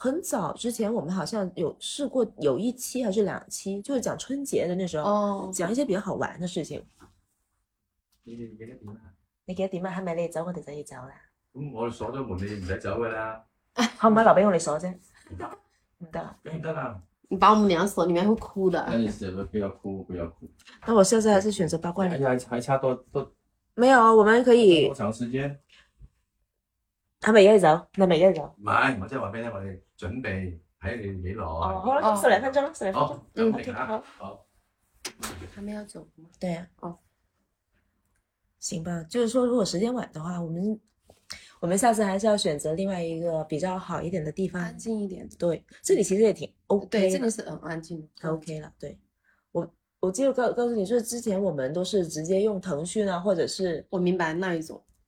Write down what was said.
很早之前，我們好像有試過有一期還是兩期，就是講春節的那時候，講、oh. 一些比較好玩的事情。你給他點啊？你給他點啊？係咪你哋走，我哋、嗯、你要走啦？咁我哋鎖咗門， 你唔使走噶啦。可唔可以留俾我哋鎖啫？得，得啦，得啦。你把我們倆鎖裏面會哭的。那你師傅，不要哭，不要哭。那我現在還是選擇八卦。你呀，還還差多多。沒有，我們可以。多長時間？係咪一起走？係咪一起走？唔係，我即係話俾你聽，我哋準備睇你幾耐。好啦、哦，十零分鐘、哦、十零分鐘。好，嗯，好、okay, 啊，好。他們要走嗎？對、啊，哦，行吧。就是說，如果時間晚的話，我們，我們下次還是要選擇另外一個比較好一點的地方，安靜一點。對，這裡其實也挺 O、okay、K。對，這裡、個、是很安靜，O K 了。對，我，我即係告，告訴你說，就是、之前我們都是直接用騰訊啊，或者是我明白那一種。